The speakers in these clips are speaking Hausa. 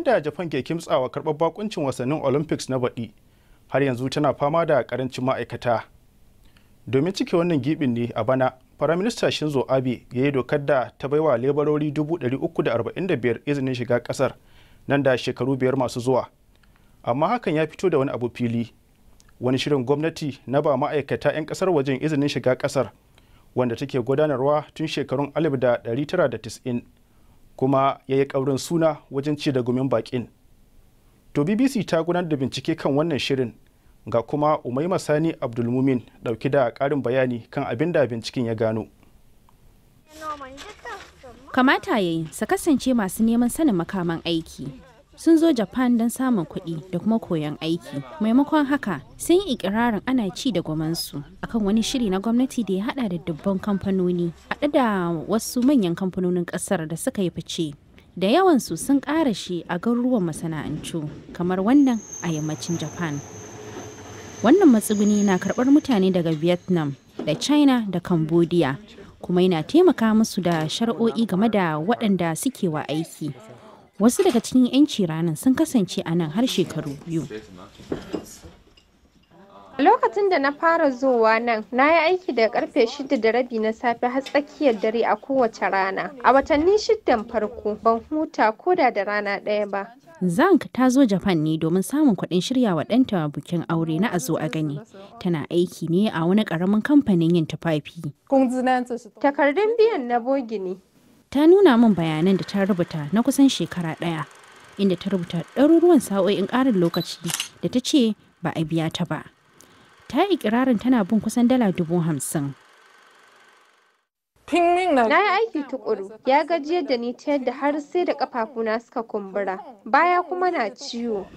inda japan ke kimtsawa karɓar bakuncin wasannin olympics na baɗi har yanzu tana fama da karancin ma'aikata domin cike wannan gibin ne a bana faraminista shinzo abe ya yi dokar da ta baiwa lebarori 345 izinin shiga kasar nan da shekaru biyar masu zuwa amma hakan ya fito da wani abu fili wani shirin gwamnati na ba ma'aikata 'yan kasar wajen izinin shiga kasar wanda take gudanarwa tun shekarun 1990 kuma ya yi ƙaurin suna wajen ci da gumin baƙin to bbc ta gudanar da bincike kan wannan shirin ga kuma umaima sani abdulmumin ɗauki da ƙarin bayani kan abin da binciken ya gano kamata ya yi su kasance masu neman sanin makaman aiki sun zo japan don samun kuɗi da kuma koyon aiki maimakon haka sun yi ikirarin ana ci da gwamansu akan wani shiri na gwamnati da ya hada da dubban kamfanoni haɗe da wasu manyan kamfanonin ƙasar da suka yi fice da yawansu sun ƙara shi a garuruwan masana'antu kamar wannan a yammacin japan wannan matsuguni na karɓar mutane daga vietnam da china da cambodia kuma yana taimaka musu da shari'o'i game da waɗanda suke wa aiki wasu daga cikin 'yanci ranar sun kasance a nan har shekaru biyu lokacin da na fara zowa nan na yi aiki da karfe shida da rabi na safe har tsakiyar dare a kowace rana a watanni shidan farko ban huta ko da da rana ɗaya ba Zank ta zo Japan ne domin samun kuɗin shirya wa ɗanta bukin aure na azo a gani. Tana aiki ne a wani ƙaramin kamfanin yin tufafi. Takardun biyan na bogi ne ta nuna min bayanan da ta rubuta na kusan shekara ɗaya inda ta rubuta ɗaruruwan sa'o'in ƙarin lokaci da ta ce ba a biya ta ba ta yi ikirarin tana bin kusan dala dubu hamsin na yi aiki tuƙuru ya gajiyar da ni ta yadda har sai da kafafuna suka kumbura baya kuma na ciwo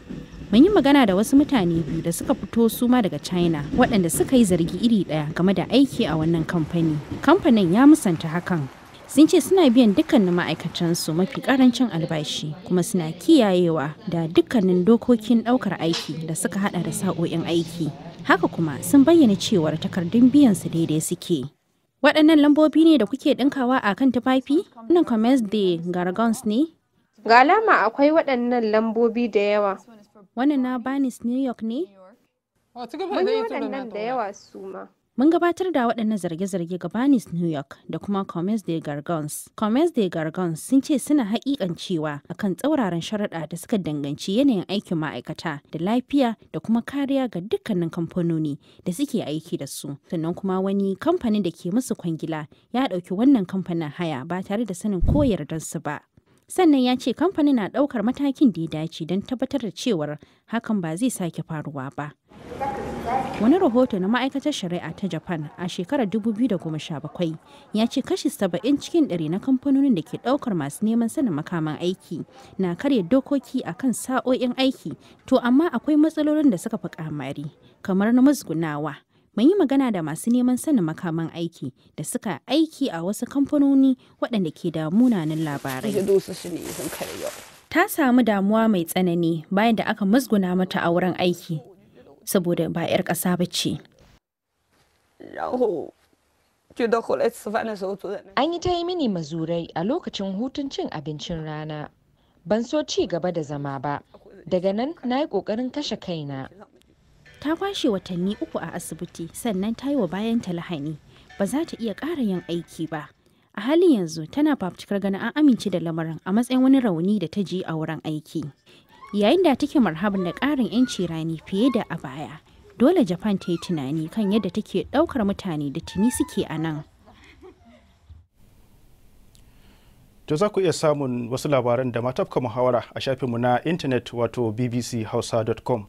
mun yi magana da wasu mutane biyu da suka fito suma daga china waɗanda suka yi zargi iri ɗaya game da aiki a wannan kamfani kamfanin ya musanta hakan sun ce suna biyan dukkanin ma'aikatansu mafi karancin albashi kuma suna kiyayewa da dukkanin dokokin daukar aiki da suka hada da sa'o'in aiki haka kuma sun bayyana cewar takardun biyan su daidai suke waɗannan lambobi ne da kuke ɗinkawa a kan tufafi nan commence de gargons ne ga alama akwai waɗannan lambobi da yawa wannan na banis new york ne mun waɗannan da yawa su ma Mun gabatar da waɗannan zarge-zarge ga Banis New York da kuma Comets de Gargons. Comets de Gargons sun ce suna haƙiƙan cewa kan tsauraran sharaɗa da suka danganci yanayin aikin ma'aikata da lafiya da kuma kariya ga dukkanin kamfanoni da suke aiki da su. Sannan kuma wani kamfanin da ke musu kwangila ya ɗauki wannan kamfanin haya ba tare da sanin ko yardarsu ba. sannan ya ce kamfanin na ɗaukar matakin da ya dace don tabbatar da cewar hakan ba zai sake faruwa ba. Wani rahoto na ma'aikatar shari'a ta Japan a shekarar 2017 ya ce kashi 70 cikin ɗari na kamfanonin da ke ɗaukar masu neman sanin makaman aiki na karya dokoki akan sa'o'in aiki to amma akwai matsalolin da suka fi kamari kamar na musgunawa. mun yi magana da masu neman sanin makaman aiki da suka aiki a wasu kamfanoni waɗanda ke da munanan labarai. Ta samu damuwa mai tsanani bayan da aka musguna mata a wurin aiki saboda ba 'yar ƙasa ba ce. An yi ta yi mini mazurai a lokacin hutun cin abincin rana. Ban so ci gaba da zama ba. Daga nan na yi ƙoƙarin kashe kaina. Ta kwashe watanni uku a asibiti sannan ta yi wa bayanta lahani. Ba za ta iya ƙara yin aiki ba. A halin yanzu tana fafutukar ganin an amince da lamarin a matsayin wani rauni da ta je a wurin aiki. yayin da take marhaban da ƙarin 'yanci rani fiye da a baya dole japan ta yi tunani kan yadda take ɗaukar mutane da tuni suke a nan to za ku iya samun wasu labaran da matafka muhawara a shafinmu na intanet wato bbchausa.com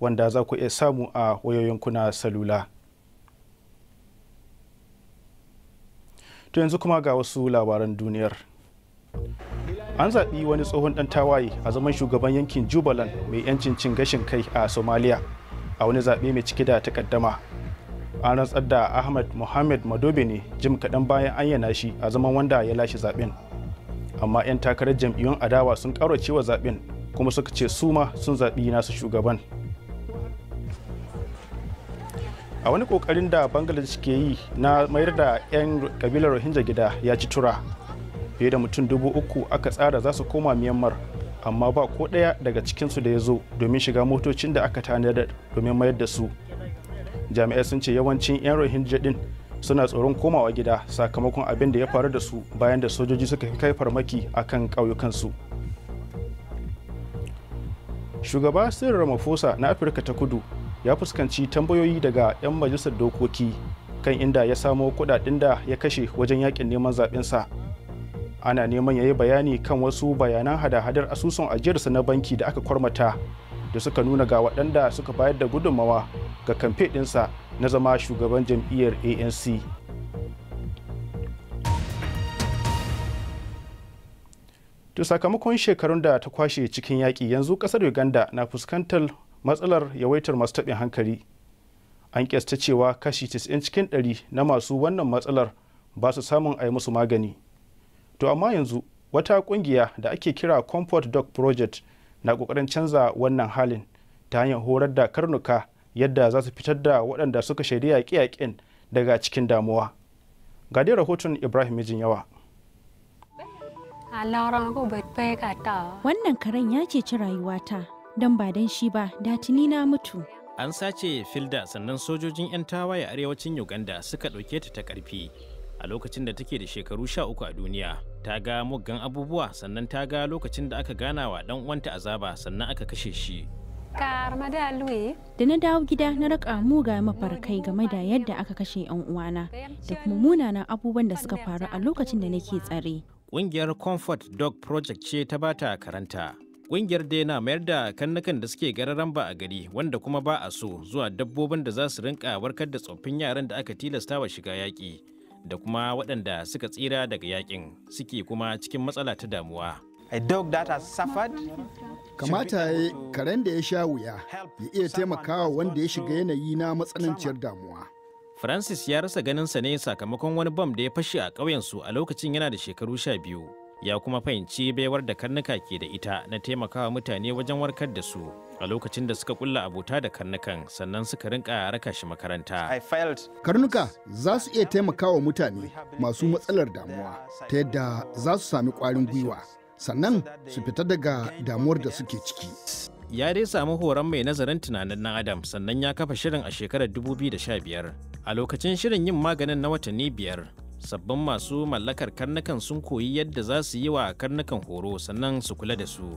wanda za ku iya samu a wayoyinku na salula to yanzu kuma ga wasu labaran duniyar an zaɓi wani tsohon ɗan tawaye a zaman shugaban yankin jubaland mai 'yancin cin gashin kai a somaliya a wani zaɓe mai cike da takaddama an rantsar da ahmed mohamed madobe ne jim kaɗan bayan ayyana shi a zaman wanda ya lashe zaɓen amma 'yan takarar jam'iyyun adawa sun ƙaurace wa zaɓen kuma suka ce su ma sun zaɓi nasu shugaban a wani ƙoƙarin da bangladesh ke yi na mayar da 'yan kabilar rohingya gida ya ci tura fiye da mutum dubu uku aka tsara za su koma myanmar amma ba ko ɗaya daga cikinsu da ya zo domin shiga motocin da aka tanada domin mayar da su jami'ai sun ce yawancin 'yan rohingya din suna tsoron komawa gida sakamakon abin da ya faru da su bayan da sojoji suka kai farmaki akan kan ƙauyukansu shugaba sir ramaphosa na afirka ta kudu ya fuskanci tambayoyi daga 'yan majalisar dokoki kan inda ya samo kudaden da ya kashe wajen yakin neman zaɓensa ana neman ya yi bayani kan wasu bayanan hada-hadar asusun ajiyarsa na banki da aka kwarmata da suka nuna ga waɗanda suka bayar da gudunmawa ga kamfe ɗinsa na zama shugaban jam'iyyar anc to sakamakon shekarun da ta kwashe cikin yaƙi yanzu ƙasar uganda na fuskantar matsalar yawaitar masu taɓin hankali an ƙyasta cewa kashi 90 cikin 100 na masu wannan matsalar ba su samun a yi musu magani to amma yanzu wata kungiya da ake kira comfort dog project na kokarin canza wannan halin ta hanyar horar da karnuka yadda za su fitar da waɗanda suka shaidi yaƙe-yaƙen daga cikin damuwa ga dai rahoton ibrahim mijin yawa wannan karen ya ceci rayuwata don ba don shi ba da na mutu an sace filda sannan sojojin 'yan tawaye arewacin uganda suka ɗauke ta ta ƙarfi a lokacin da take da shekaru sha uku a duniya ta ga muggan abubuwa sannan ta ga lokacin da aka gana wa dan uwanta azaba sannan aka kashe shi da na dawo gida na raka muga mafarkai game da yadda aka kashe yan uwana da kuma munanan abubuwan da suka faru a lokacin da nake tsare ƙungiyar comfort dog project ce ta bata karanta ƙungiyar dai na mayar da kannukan da suke gararan ba a gari wanda kuma ba a so zuwa dabbobin da za su rinka warkar da tsoffin yaran da aka tilasta wa shiga yaƙi da kuma waɗanda suka tsira daga yakin suke kuma cikin matsala ta damuwa. A dog that has suffered kamata ya yi karen da ya sha wuya ya iya taimakawa wanda ya shiga yanayi na matsananciyar damuwa. Francis ya rasa ganinsa ne sakamakon wani bam da ya fashe a ƙauyensu a lokacin yana da shekaru sha biyu. ya kuma fahimci baiwar da karnuka ke da ita na taimakawa mutane wajen warkar da su a lokacin da suka kulla abota da karnukan sannan suka rinka raka shi makaranta. Karnuka za su iya taimakawa mutane masu matsalar damuwa ta yadda za su sami kwarin gwiwa sannan su fita daga damuwar da suke ciki. ya dai samu horon mai nazarin tunanin na adam sannan ya kafa shirin a shekarar 2015 a lokacin shirin yin maganin na watanni biyar sabbin masu mallakar karnukan sun koyi yadda za su yi wa karnukan horo sannan su kula da su